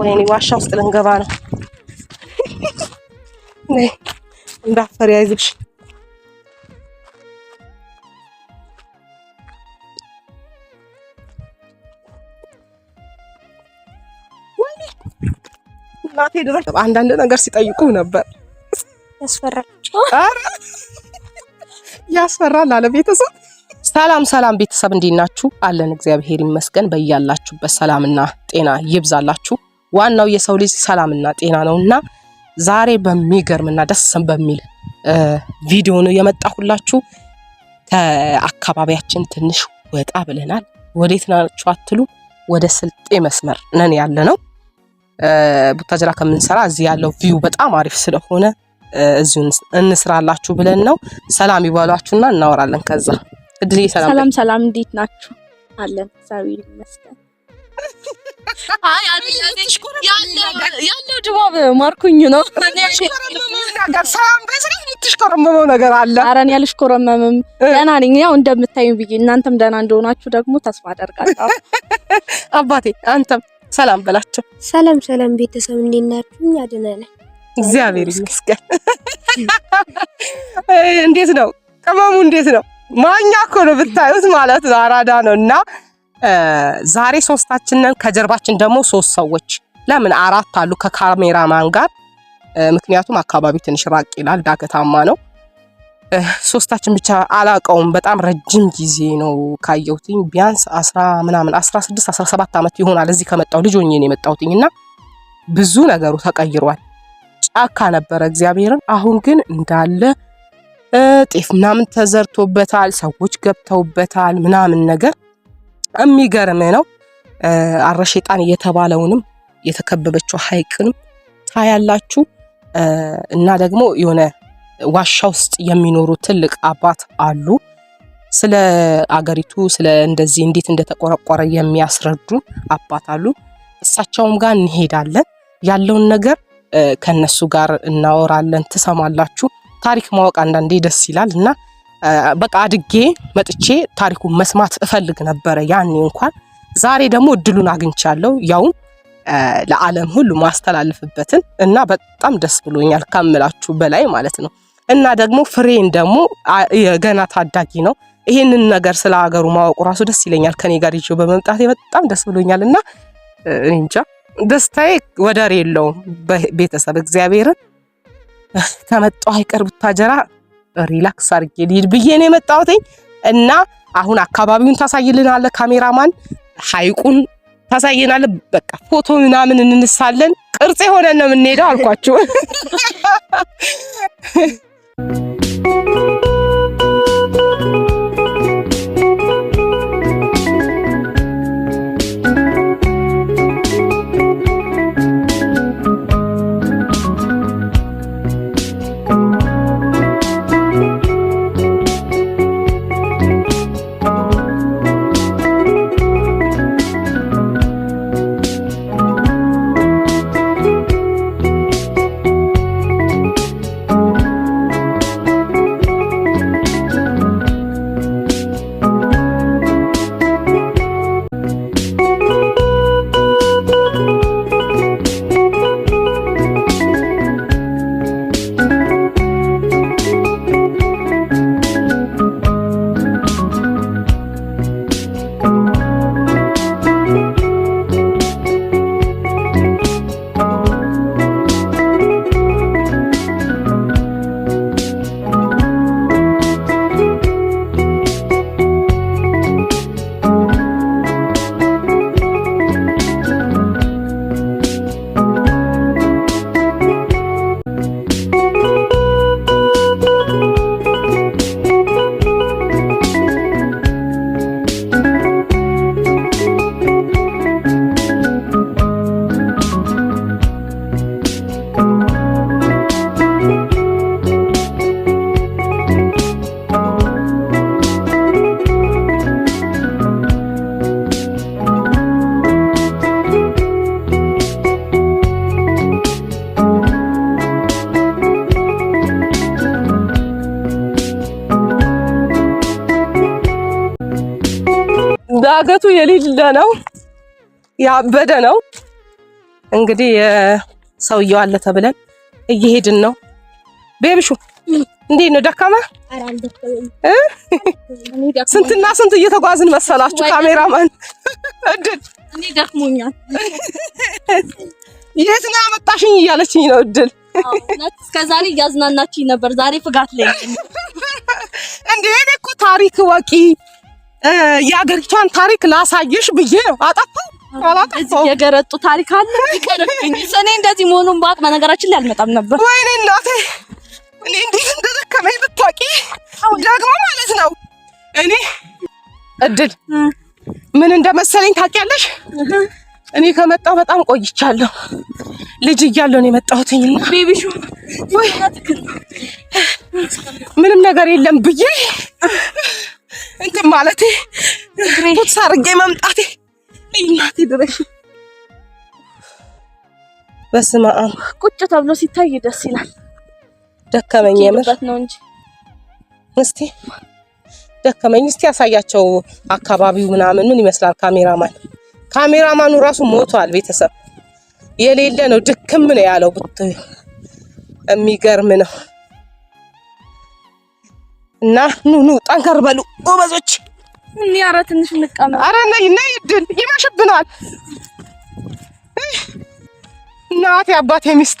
ወይኔ ዋሻ ውስጥ ልንገባ ነው። እንዳፈር ያይዝሽ። እናቴ ድረስ አንዳንድ ነገር ሲጠይቁ ነበር። ያስፈራል፣ ያስፈራል አለ ቤተሰብ። ሰላም ሰላም ቤተሰብ እንዲናችሁ ናችሁ? አለን እግዚአብሔር ይመስገን። በያላችሁበት ሰላምና ጤና ይብዛላችሁ። ዋናው የሰው ልጅ ሰላምና ጤና ነው እና ዛሬ በሚገርምና ደስ በሚል ቪዲዮ ነው የመጣሁላችሁ። ከአካባቢያችን ትንሽ ወጣ ብለናል። ወዴት ናችሁ አትሉ? ወደ ስልጤ መስመር ነን ያለ ነው። ቡታጅራ ከምንሰራ እዚህ ያለው ቪው በጣም አሪፍ ስለሆነ እዚሁ እንስራላችሁ ብለን ነው። ሰላም ይባሏችሁና እናወራለን። ከዛ እድል ሰላም ሰላም፣ እንዴት ናችሁ? አለን እግዚአብሔር ይመስገን። ያለው ድባብ ማርኩኝ ነው። የምትሽኮረመመው ነገር አለ። ኧረ እኔ አልሽኮረመምም፣ ደህና ነኝ። ያው እንደምታዩኝ ብዬ እናንተም ደህና እንደሆናችሁ ደግሞ ተስፋ አደርጋለሁ። አባቴ አንተም ሰላም በላቸው። ሰላም ሰላም፣ ቤተሰብ እንዴት ናችሁ? እኛ ደህና ነን፣ እግዚአብሔር ይመስገን። እንዴት ነው ቅመሙ? እንዴት ነው ማኛ እኮ ነው ብታዩት ማለት ነው። አራዳ ነው እና ዛሬ ሶስታችንን ከጀርባችን ደግሞ ሶስት ሰዎች ለምን አራት አሉ ከካሜራማን ጋር። ምክንያቱም አካባቢ ትንሽ ራቅ ይላል፣ ዳገታማ ነው። ሶስታችን ብቻ አላቀውም። በጣም ረጅም ጊዜ ነው ካየሁትኝ፣ ቢያንስ አስራ ምናምን አስራ ስድስት አስራ ሰባት ዓመት ይሆናል እዚህ ከመጣው ልጅ ሆኜ ነው የመጣሁትኝ እና ብዙ ነገሩ ተቀይሯል። ጫካ ነበረ እግዚአብሔርን። አሁን ግን እንዳለ ጤፍ ምናምን ተዘርቶበታል፣ ሰዎች ገብተውበታል ምናምን ነገር የሚገርም ነው። አረሸጣን እየተባለውንም የተባለውንም የተከበበችው ሀይቅን ታያላችሁ እና ደግሞ የሆነ ዋሻ ውስጥ የሚኖሩ ትልቅ አባት አሉ። ስለ አገሪቱ ስለ እንደዚህ እንዴት እንደተቆረቆረ የሚያስረዱ አባት አሉ። እሳቸውም ጋር እንሄዳለን። ያለውን ነገር ከነሱ ጋር እናወራለን። ትሰማላችሁ። ታሪክ ማወቅ አንዳንዴ ደስ ይላል እና በቃ አድጌ መጥቼ ታሪኩን መስማት እፈልግ ነበረ ያኔ እንኳን። ዛሬ ደግሞ እድሉን አግኝቻለሁ ያውም ለዓለም ሁሉ ማስተላልፍበትን እና በጣም ደስ ብሎኛል ካምላችሁ በላይ ማለት ነው። እና ደግሞ ፍሬን ደግሞ የገና ታዳጊ ነው። ይህንን ነገር ስለ ሀገሩ ማወቁ ራሱ ደስ ይለኛል። ከኔ ጋር ይዤው በመምጣት በጣም ደስ ብሎኛል እና እንጃ ደስታዬ ወደር የለውም። ቤተሰብ እግዚአብሔርን ከመጣሁ አይቀር ብታጀራ ሪላክስ አድርጌ ልሂድ ብዬ ነው የመጣሁት እና አሁን አካባቢውን ታሳይልናለ ካሜራማን፣ ሀይቁን ታሳየናለ። በቃ ፎቶ ምናምን እንነሳለን። ቅርጽ የሆነ ነው የምንሄደው አልኳችሁ። Thank you. ዳገቱ የሌለ ነው፣ ያበደ ነው። እንግዲህ ሰውየው አለ ተብለን እየሄድን ነው። ቤብሹ እንዴት ነው? ደካማ ስንትና ስንት እየተጓዝን መሰላችሁ? ካሜራማን እድል እኔ ደክሞኛል፣ የት ነው ያመጣሽኝ እያለችኝ ነው እድል። ላይ እያዝናናችኝ ነበር፣ ዛሬ ፍጋት ላይ እንዴ። እኔ እኮ ታሪክ ወቂ የአገሪቷን ታሪክ ላሳየሽ ብዬ ነው። አጠፋው አላጠፋው የገረጡ ታሪክ አለ ይቀርብኝ። እኔ እንደዚህ መሆኑን ባቅ በነገራችን ላይ አልመጣም ነበር። ወይኔ እናቴ እኔ እንዴት እንደደከመኝ ብታውቂ። ደግሞ ማለት ነው እኔ እድል ምን እንደመሰለኝ ታውቂያለሽ? እኔ ከመጣሁ በጣም ቆይቻለሁ። ልጅ እያለሁ ነው የመጣሁትኝ። ቤቢሹ ምንም ነገር የለም ብዬ እንትን ማለቴ ቱትስ አድርጌ መምጣቴ እናቴ ድረሽ። በስመ አብ ቁጭ ተብሎ ሲታይ ደስ ይላል። ደከመኝ የምር ነው እንጂ እስቲ ደከመኝ። እስቲ ያሳያቸው አካባቢው ምናምን ምን ይመስላል። ካሜራማን ካሜራማኑ ራሱ ሞቷል። ቤተሰብ የሌለ ነው፣ ድክም ነው ያለው። የሚገርም ነው። እና ኑ ኑ ጠንከር በሉ ጎበዞች። እኔ ኧረ ትንሽ እንቀመጥ። ኧረ ነይ ነይ፣ ድል ይመሽብናል። እናቴ አባቴ ሚስት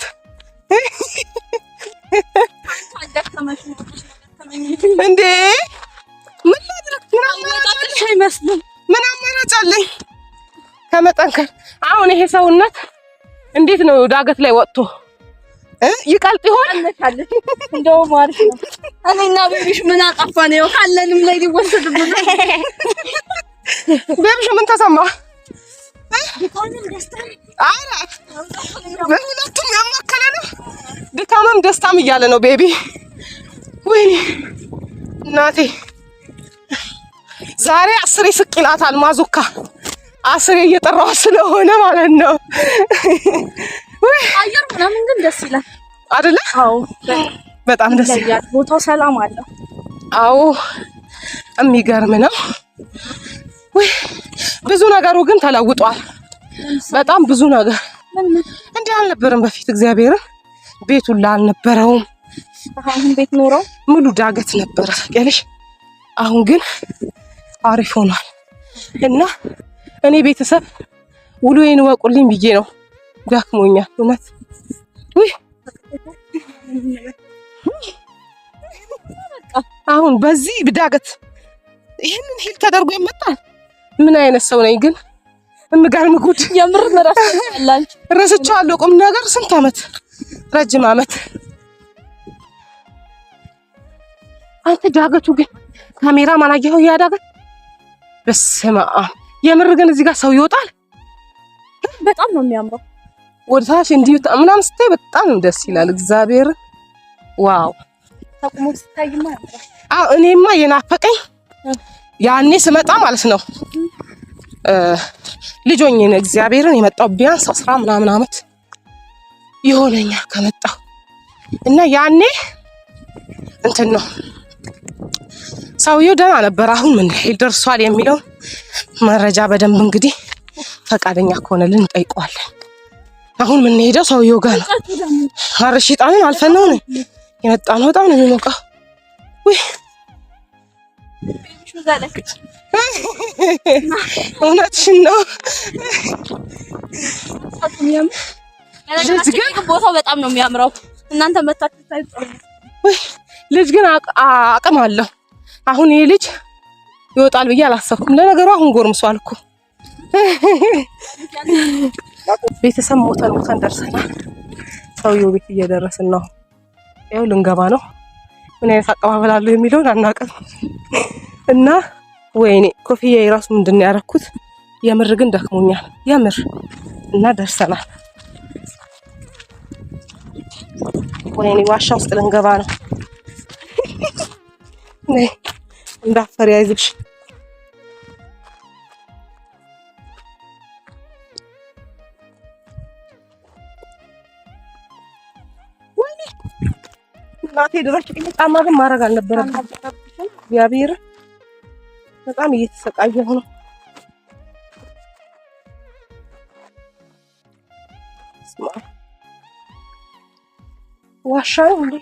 እንዴ ምን ላድርግ? ምን አማራጭ አለኝ ከመጠንከር? አሁን ይሄ ሰውነት እንዴት ነው ዳገት ላይ ወጥቶ ይቀልጥ ይሆን እንደው ማርሽ ነው። እኔና ቤቢሽ ምን አጠፋ ነው ካለንም ላይ ሊወሰድ ሊወሰድብን። ቤቢሽ ምን ተሰማ? በሁለቱም ያማከለ ነው። ድካምም ደስታም እያለ ነው ቤቢ። ወይኔ እናቴ ዛሬ አስሬ ስቅ ይላታል ማዞካ አስሬ እየጠራው ስለሆነ ማለት ነው። አየር ምናምን ግን ደስ ይላል አይደለ? አዎ፣ በጣም ደስ ይላል። ቦታው ሰላም አለ። አዎ፣ የሚገርም ነው። ውይ ብዙ ነገሩ ግን ተለውጧል። በጣም ብዙ ነገር እንዲህ አልነበረም በፊት። እግዚአብሔርን ቤቱ አልነበረውም። አሁን ቤት ኖረው ሙሉ ዳገት ነበረ ያለሽ። አሁን ግን አሪፍ ሆኗል እና እኔ ቤተሰብ ውሎዬን ወቁልኝ ብዬ ነው ዳክሞኛ እውነት አሁን በዚህ ብዳገት ይህንን ሂል ተደርጎ ይመጣል። ምን አይነት ሰው ነኝ ግን? እምገርም ጉድ የምር መራስላል ረስቼዋለሁ። ቁም ነገር ስንት አመት ረጅም አመት። አንተ ዳገቱ ግን ካሜራ ማን አየኸው? በስመ አብ! የምር ግን እዚህ ጋር ሰው ይወጣል። በጣም ነው የሚያምረው። ወደታች እንዲህ ምናምን ስታይ በጣም ደስ ይላል። እግዚአብሔር ዋው! ተቆሞ ሲታይማ አዎ፣ እኔማ የናፈቀኝ ያኔ ስመጣ ማለት ነው ልጆኝ ነው እግዚአብሔርን የመጣው ቢያንስ አስራ ምናምን አመት የሆነኛ ከመጣው እና ያኔ እንትን ነው ሰውየው ደህና ነበር። አሁን ምን ያህል ደርሷል የሚለው መረጃ በደንብ እንግዲህ ፈቃደኛ ከሆነልን እንጠይቀዋለን። አሁን የምንሄደው ሰውየው ጋር ነው። ኧረ ሺጣንን አልፈነው ነው የመጣ ነው። በጣም ነው የሚሞቀው። እውነትሽን ነው። ቦታው በጣም ነው የሚያምረው። እናንተ መታችሁ ልጅ ግን አቅም አለው። አሁን ይሄ ልጅ ይወጣል ብዬ አላሰብኩም። ለነገሩ አሁን ጎርምሷል እኮ ቤተሰብ ሞተን ሞተን ደርሰናል። ሰውየው ቤት እየደረስን ነው። ያው ልንገባ ነው። ምን አይነት አቀባበል አለው የሚለውን አናውቅም እና ወይኔ ኮፍያ የራሱ ምንድን ነው ያደረኩት? የምር ግን ደክሞኛል የምር እና ደርሰናል። ወይኔ ዋሻ ውስጥ ልንገባ ነው። እንዳፈር ያይዝብሽ እናቴ ድረሽ ጫማ ግን ማድረግ አልነበረብሽም። እግዚአብሔር በጣም እየተሰቃየሁ ነው። ዋሻ ነው እንዴ?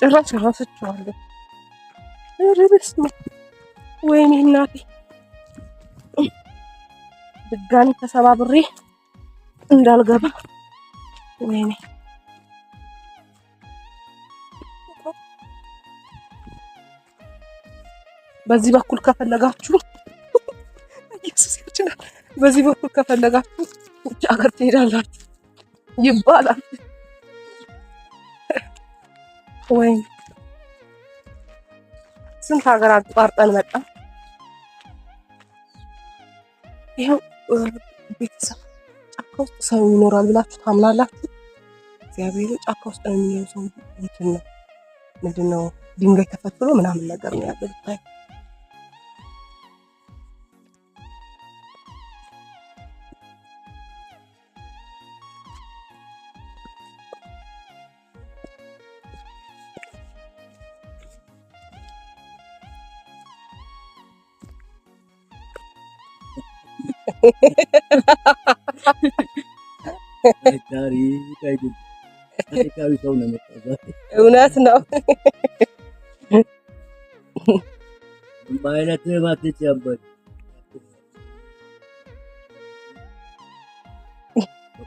ጭራሽ እረሳችኋለሁ። ኧረ በስመ ወይኔ እናቴ ድጋሚ ተሰባብሬ እንዳልገባ ወይኔ በዚህ በኩል ከፈለጋችሁ ኢየሱስ ይችላል። በዚህ በኩል ከፈለጋችሁ ውጭ ሀገር ትሄዳላችሁ ይባላል። ወይኔ ስንት ሀገር አቋርጠን መጣን? ይኸው ቤተሰብ ጫካ ውስጥ ሰው ይኖራል ብላችሁ ታምናላችሁ? እግዚአብሔር ጫካ ውስጥ ነው የሚኖሩ ሰው እንትን ነው ምንድን ነው ድንጋይ ተፈትሎ ምናምን ነገር ነው ያለ ብታይ እውነት ነው።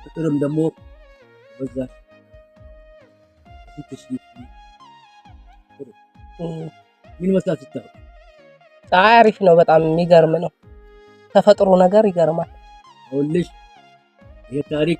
ቁጥርም ደግሞ በዛ ምን መስላ ፀሐይ አሪፍ ነው። በጣም የሚገርም ነው። ተፈጥሮ ነገር ይገርማል። ይሄ ታሪክ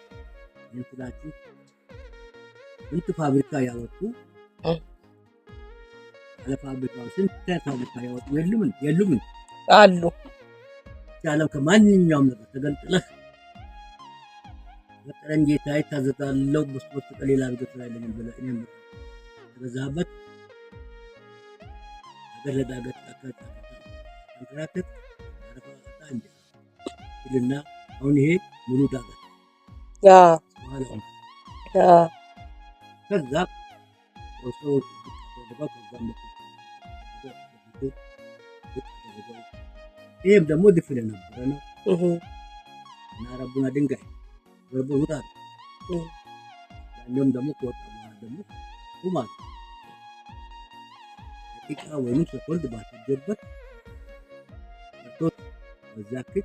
የኩላችሁ ምርጥ ፋብሪካ ያወጡ አለፋብሪካ ስንት ፋብሪካ ያወጡ የሉምን የሉምን አሉ ያለው ከማንኛውም ነገር ተገልጥለህ በቀረን ጌታ ይታዘዛለው በስፖርት ከሌላ አድርገት ላይ ለምን ብለህ እኔም ተበዛህበት ሀገር ለዳገት ተንከራተት አረፋ እንደ ይልና አሁን ይሄ ሙሉ ዳገት سبحانه حتى كذب وسوء يبدا مدفن انا انا ربنا دنقح ربنا ودار لان يوم دمك وطبعا دمك وما هيك اول نقطه كنت بتجربك وتذاكر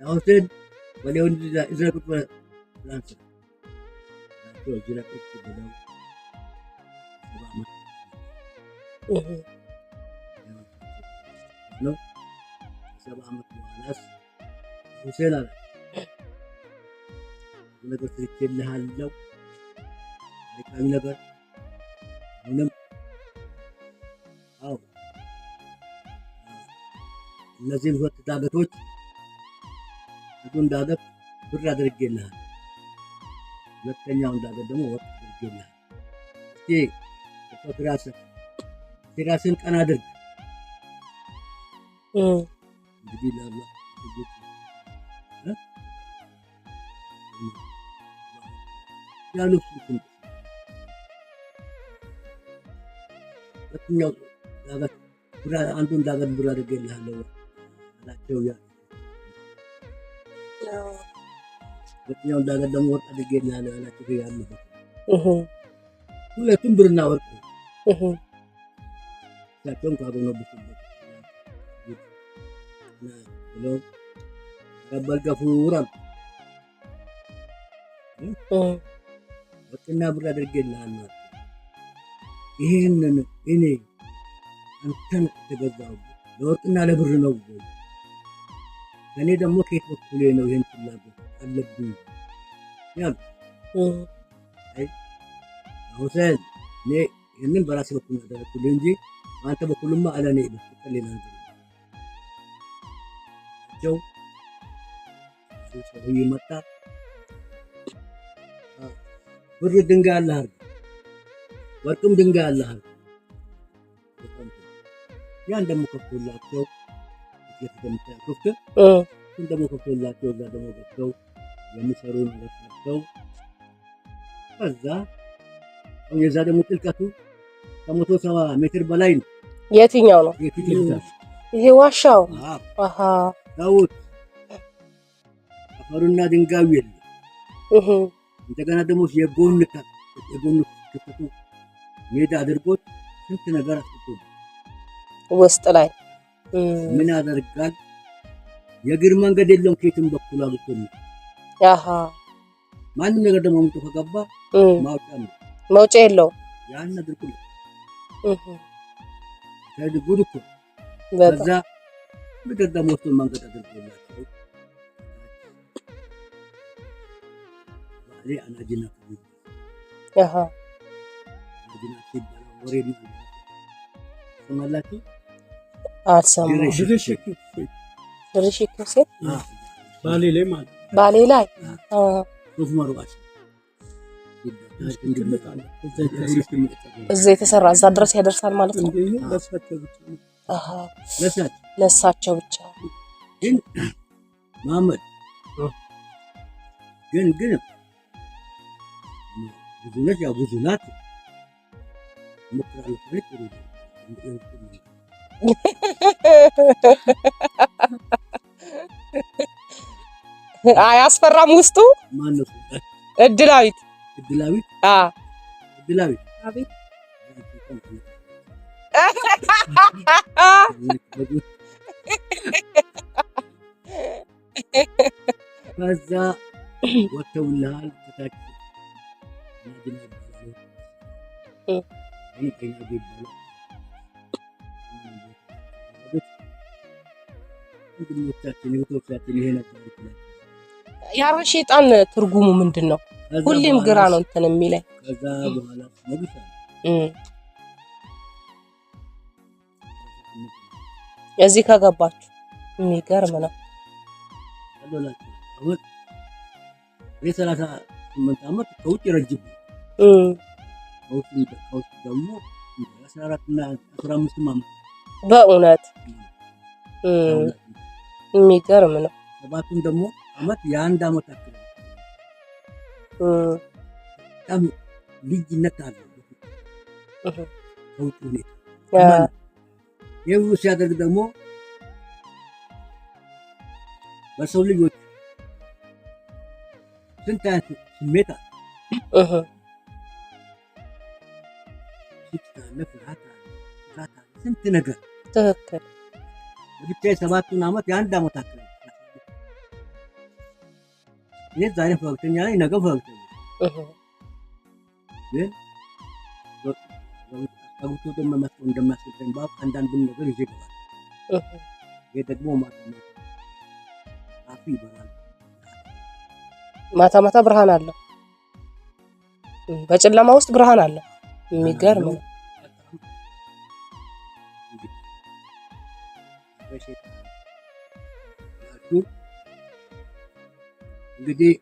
يا حسين ولو اذا كنت فرنسا ወጅረ ቁጭ ብለው ሰባ ዓመት በኋላስ ሁሴን አለ ነገር ነገር አሁንም አዎ ሁለት ዳገቶች እዱ እንዳለት ብር አድርጌልሃል ሁለተኛው እንዳለ ደግሞ ወርቅ አድርግ ይላል። እስቲ ተፈጥሮ ራስን እስቲ ራስን ቀና አድርግ። እንግዲህ ላላ ያሉ አንዱ እንዳገልብር አድርጌልሃለሁ አላቸው ያሉ ሁለተኛው እንዳገር ደግሞ ወርቅ አድርጌ ያለ ያላቸው ያለበት ሁለቱም ብርና ወርቅ እሳቸውም ካጎነበሱበት ብለው ረበልገፉራል ወርቅና ብር አድርጌልሃለሁ። ይሄንን እኔ አንተን ከተገዛሁ ለወርቅና ለብር ነው። እኔ ደግሞ ከየት በኩል ነው ይህን ፍላጎት አለብኝ? ያም ሁሴን እኔ ይህንን በራሴ በኩል ያደረግኩል እንጂ በአንተ በኩልማ አለኔ በኩል ሌላ ቸው ሰው መጣ ብር ድንጋይ አለሃል፣ ወርቅም ድንጋይ አለሃል። ያን ደግሞ ከፍላቸው እየተገምጠ ክፍት እሱን ደግሞ የሚሰሩ ነገር ጥልቀቱ ከመቶ ሰባ ሜትር በላይ ነው። የትኛው ነው ይሄ ዋሻው? ታውት አፈሩና ድንጋዩ የለም። እንደገና ደግሞ የጎን የጎን ክፍተቱ ሜዳ አድርጎት ስንት ነገር አስቶ ውስጥ ላይ ምን ያደርጋል? የእግር መንገድ የለውም። ከየትም በኩል አግቶ ማንም ነገር ደግሞ አምጦ ከገባ ማውጫ መውጫ የለው። ያን አድርጉ ከድጉድ እኮ በዛ ምድር ደግሞ እሱን መንገድ አድርጎላቸው ዛሬ አናጅና ወሬ ነው አልሰሙ ድርሽ ኩሴት ባሌ ላይ ማለት ባሌ ላይ እዛ የተሰራ እዛ ድረስ ያደርሳል ማለት ነው። ለሳቸው ብቻ ግን ማመድ ግን ግን ብዙነት ያው ብዙ ናት። አያስፈራም? ውስጡ እድላዊት ከዛ ወጥተውልሃል ታች ወንድሞቻችን እህቶቻችን ይሄ ነበር ያረ ሸይጣን ትርጉሙ ምንድን ነው? ሁሌም ግራ ነው እንትን የሚለኝ። ከዛ በኋላ እዚህ ከገባችሁ የሚገርም ነው። የሰላሳ ስምንት ዓመት ከውጭ ረጅም ከውጭ ደግሞ አስራ አራት እና አስራ አምስትም ዓመት በእውነት የሚገርም ነው። ሰባቱም ደግሞ አመት የአንድ አመት አክል በጣም ልጅነት አለ። ከውጭ ሁኔታ ይህ ሲያደርግ ደግሞ በሰው ልጆች ስንት አይነት ስሜት አለ። ስንት ነገር ትክክል ብቻ የሰባቱን ዓመት የአንድ ዓመት አካባቢ እኔ ዛሬ ፈገግተኛ ላይ ነገ ፈገግተኛ ግን ጠጉቶ ደሞ መስሎ እንደሚያስገኝ ባብ አንዳንድም ነገር ይዤ እገባለሁ። ይሄ ደግሞ ማታ ማታ ይበራል። ማታ ማታ ብርሃን አለ፣ በጨለማ ውስጥ ብርሃን አለው። የሚገርም በሴት እንግዲህ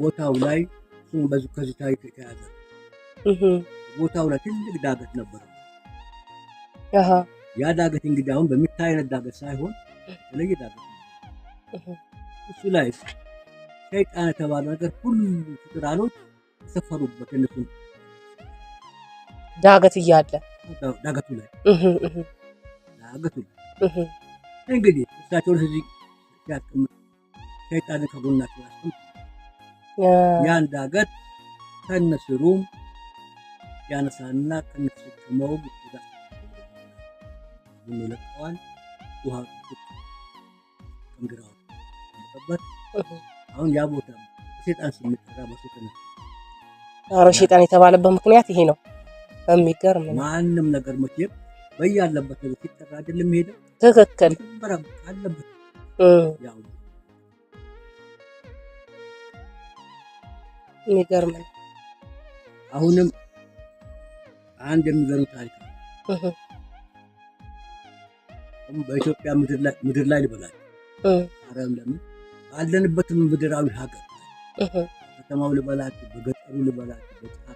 ቦታው ላይ እሱም ከዚህ ታሪክ የተያዘ ቦታው ላይ ትልቅ ዳገት ነበረ። ያ ዳገት እንግዲህ አሁን በሚታይ አይነት ዳገት ሳይሆን የተለየ ዳገት እሱ ላይ ሰይጣን የተባለ ነገር ሁሉ ፍጥራኖች ተሰፈሩበት እነሱ ዳገት እያለ ዳገቱ ላይ ዳገቱ ላይ እንግዲህ እሳቸውን እዚህ ሲያስቀምጥ ሰይጣንን ከጎናቸው ያነሳና ከነስክመው ይመለቀዋል። ውሃ እንግራው ተቀበል። አሁን ያ ቦታ የተባለበት ምክንያት ይሄ ነው። በሚገርም ማንም ነገር መቼም በያለበት ነው ሲጠራ አይደለም ሄደ ትክክል አለበት ያው የሚገርም አሁንም አንድ የሚገሩ ታሪክ በኢትዮጵያ ምድር ላይ ልበላል አረም ለምን ባለንበትም ምድራዊ ሀገር ከተማው ልበላት፣ በገጠሩ ልበላት፣ በጫካ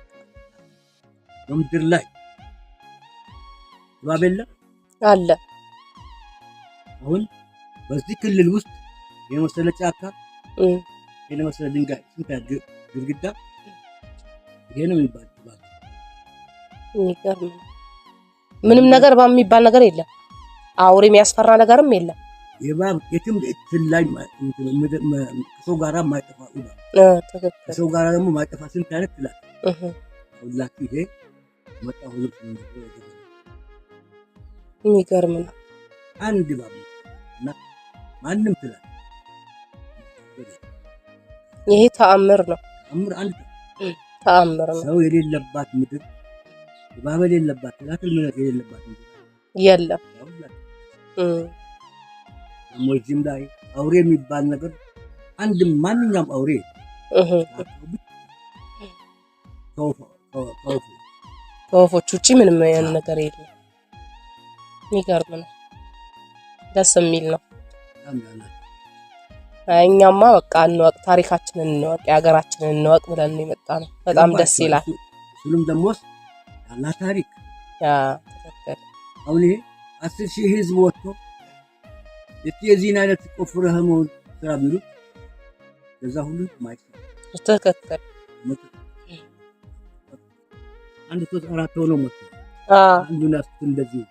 በምድር ላይ እባብ የለ አለ። አሁን በዚህ ክልል ውስጥ የመሰለ ጫካ፣ የመሰለ ድንጋይ፣ ስንት ግድግዳ ይሄ ነው የሚባል ምንም ነገር እባብ የሚባል ነገር የለም። አውሬ የሚያስፈራ ነገርም የለም። የእባብ የትም ላይ ሰው ጋራ ማይጠፋ ሰው ጋራ ደግሞ ማይጠፋ ስንት አይነት ትላለህ ሁላችሁ ይሄ መጣ የሚገርም ነው። አንድ ማንም ትላል ይሄ ተአምር ነው። ተአምር ነው። ሰው የሌለባት ምድር እባብ የሌለባት ትላት እምነት የሌለባት ምድር የለም። ደግሞ እዚህም ላይ አውሬ የሚባል ነገር አንድ ማንኛውም አውሬ ከወፎች ውጭ ምንም ነገር የለም። የሚገርም ነው። ደስ የሚል ነው። እኛማ በቃ እንወቅ፣ ታሪካችንን እንወቅ፣ የሀገራችንን እንወቅ ብለን የመጣ ነው። በጣም ደስ ይላል። ሁሉም ደግሞ ያላ ታሪክ አሁን አስር ሺህ ህዝብ ወጥቶ የዚህን አይነት ቆፍረህ መሆን ስራ ቢሉ ከዛ ሁሉ ማይ ትክክል አንድ ሶስት አራት ሆኖ ሞት አንዱን አፍት እንደዚህ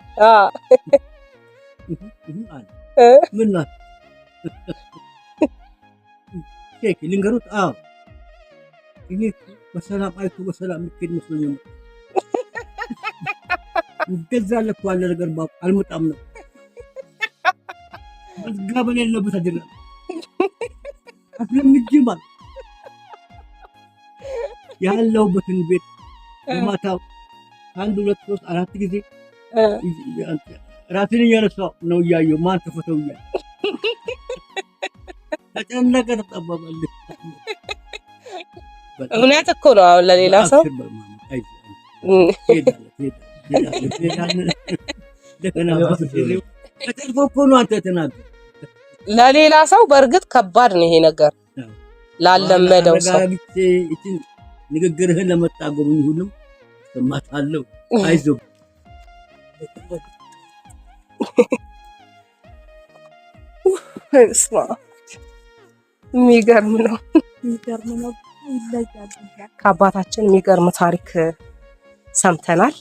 ምን ናት? ሼክ ልንገሩት። አዎ ይሄ በሰላም አይቶ በሰላም የምትሄድ መስሎኝ ነው። እንደዛ ለኩ ያለ ነገር አልመጣም ነው መዝጋበን ያለበት አይደለም። ለምጅማል ያለውበትን ቤት ማታ አንድ ሁለት ሶስት አራት ጊዜ ራሴን እያነሳሁ ነው እያየሁ ማን ተፈተው እያ ተጨነቀ ተጠባባል እውነት እኮ ነው። አሁን ለሌላ ሰው እኮ ነው አንተ የተናገር ለሌላ ሰው በእርግጥ ከባድ ነው ይሄ ነገር ላለመደው ሰው። ንግግርህን ለመጣጎብኝ ሁሉም እማታለሁ አይዞ የሚገርም ነው፣ የሚገርም ነው። ይለያል። ከአባታችን የሚገርም ታሪክ ሰምተናል።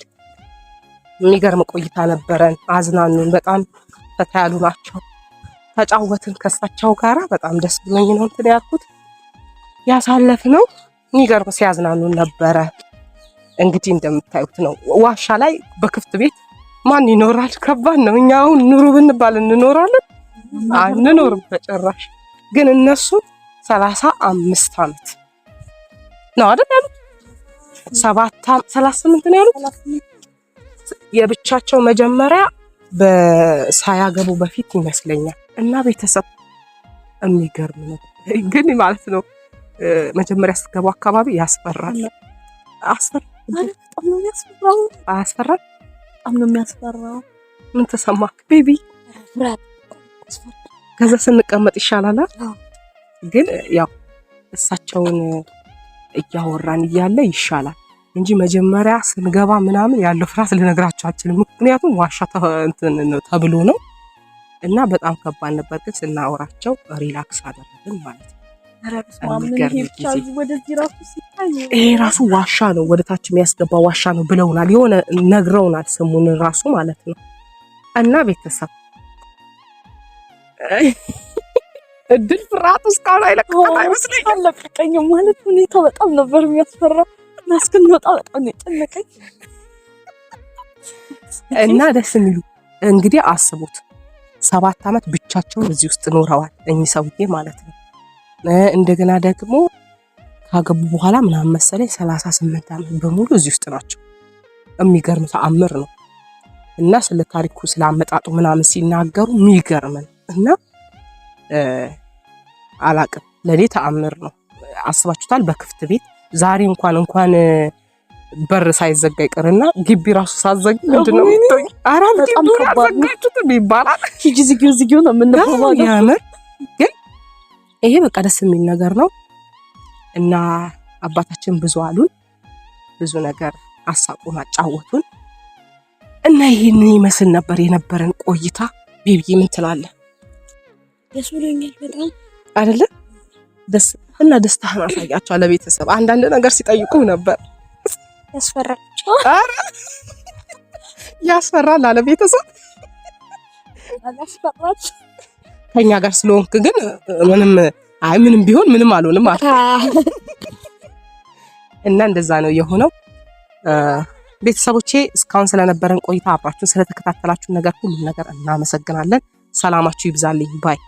የሚገርም ቆይታ ነበረን። አዝናኑን፣ በጣም ፈታ ያሉ ናቸው። ተጫወትን ከሳቸው ጋራ በጣም ደስ ብሎኝ ነው እንትን ያልኩት ያሳለፍ ነው። የሚገርም ሲያዝናኑን ነበረ። እንግዲህ እንደምታዩት ነው። ዋሻ ላይ በክፍት ቤት ማን ይኖራል? ከባድ ነው። እኛ አሁን ኑሩ ብንባል እንኖራለን? አንኖርም በጭራሽ። ግን እነሱ ሰላሳ አምስት ዓመት ነው አይደል ያሉት? ሰባት ሰላሳ ስምንት ነው ያሉት። የብቻቸው መጀመሪያ በሳያገቡ በፊት ይመስለኛል። እና ቤተሰብ የሚገርም ነው ግን ማለት ነው መጀመሪያ ስትገቡ አካባቢ ያስፈራል አስፈራ በጣም ነው የሚያስፈራው። አያስፈራም? በጣም ነው የሚያስፈራው። ምን ተሰማ ቤቢ? ከዛ ስንቀመጥ ይሻላል። ግን ያው እሳቸውን እያወራን እያለ ይሻላል እንጂ መጀመሪያ ስንገባ ምናምን ያለው ፍርሃት ልነግራቸው አልችልም። ምክንያቱም ዋሻ ተብሎ ነው እና በጣም ከባድ ነበር። ግን ስናወራቸው ሪላክስ አደረግን ማለት ነው። ይሄ ራሱ ዋሻ ነው፣ ወደ ታች የሚያስገባ ዋሻ ነው ብለውናል። የሆነ ነግረውናል፣ ስሙን ራሱ ማለት ነው። እና ቤተሰብ እድል ፍርሃት እስካሁን አይለቀቀኝ አይመስለኝም፣ አለቀቀኝም ማለት ሁኔታ በጣም ነበር የሚያስፈራው እና እስክንወጣ በጣም ነው የጨነቀኝ። እና ደስ የሚሉ እንግዲህ አስቡት ሰባት ዓመት ብቻቸውን እዚህ ውስጥ ኖረዋል እኚህ ሰውዬ ማለት ነው። እንደገና ደግሞ ካገቡ በኋላ ምናምን መሰለኝ 38 ስምንት ዓመት በሙሉ እዚህ ውስጥ ናቸው። የሚገርም ተአምር ነው። እና ስለ ታሪኩ ስለ አመጣጡ ምናምን ሲናገሩ የሚገርም እና አላቅም ለእኔ ተአምር ነው። አስባችሁታል? በክፍት ቤት ዛሬ እንኳን እንኳን በር ሳይዘጋ ይቅርና ግቢ ራሱ ሳዘግ ምንድነው አራ በጣም ከባድ ነው ይባላል። ሂጂ ዝጊው ዝጊው ነው የምንባለው የምር ግን ይሄ በቃ ደስ የሚል ነገር ነው እና አባታችን ብዙ አሉን፣ ብዙ ነገር አሳቁን፣ አጫወቱን እና ይህን ይመስል ነበር የነበረን ቆይታ። ቢቢ ምን ትላለህ? ደስ ብሎኛል በጣም አይደለ? ደስ እና ደስታህን አሳያቸው ለቤተሰብ። አንዳንድ ነገር ሲጠይቁ ነበር ያስፈራቸው። ያስፈራል አለ ቤተሰብ ከኛ ጋር ስለሆንክ ግን ምንም አይ ምንም ቢሆን ምንም አልሆንም አ እና እንደዛ ነው የሆነው። ቤተሰቦቼ እስካሁን ስለነበረን ቆይታ አብራችሁን ስለተከታተላችሁ ነገር ሁሉም ነገር እናመሰግናለን። ሰላማችሁ ይብዛልኝ ባይ